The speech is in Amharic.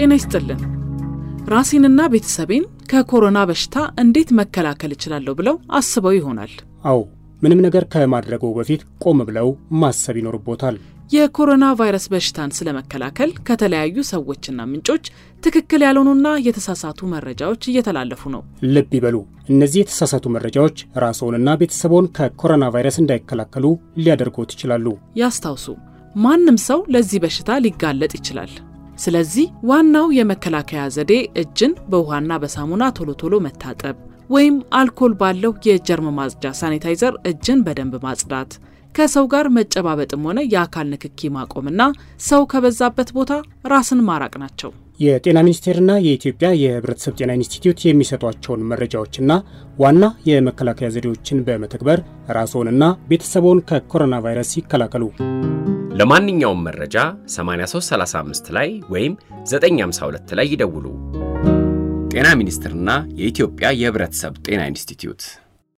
ጤና ይስጥልን። ራሴንና ቤተሰቤን ከኮሮና በሽታ እንዴት መከላከል እችላለሁ ብለው አስበው ይሆናል። አዎ፣ ምንም ነገር ከማድረገው በፊት ቆም ብለው ማሰብ ይኖርቦታል። የኮሮና ቫይረስ በሽታን ስለመከላከል ከተለያዩ ሰዎችና ምንጮች ትክክል ያልሆኑና የተሳሳቱ መረጃዎች እየተላለፉ ነው። ልብ ይበሉ፣ እነዚህ የተሳሳቱ መረጃዎች ራስዎንና ቤተሰቦን ከኮሮና ቫይረስ እንዳይከላከሉ ሊያደርጎት ይችላሉ። ያስታውሱ፣ ማንም ሰው ለዚህ በሽታ ሊጋለጥ ይችላል። ስለዚህ ዋናው የመከላከያ ዘዴ እጅን በውሃና በሳሙና ቶሎ ቶሎ መታጠብ ወይም አልኮል ባለው የጀርም ማጽጃ ሳኒታይዘር እጅን በደንብ ማጽዳት፣ ከሰው ጋር መጨባበጥም ሆነ የአካል ንክኪ ማቆምና ሰው ከበዛበት ቦታ ራስን ማራቅ ናቸው። የጤና ሚኒስቴርና የኢትዮጵያ የሕብረተሰብ ጤና ኢንስቲትዩት የሚሰጧቸውን መረጃዎችና ዋና የመከላከያ ዘዴዎችን በመተግበር ራስዎንና ቤተሰቦን ከኮሮና ቫይረስ ይከላከሉ። ለማንኛውም መረጃ 8335 ላይ ወይም 952 ላይ ይደውሉ። ጤና ሚኒስቴርና የኢትዮጵያ የሕብረተሰብ ጤና ኢንስቲትዩት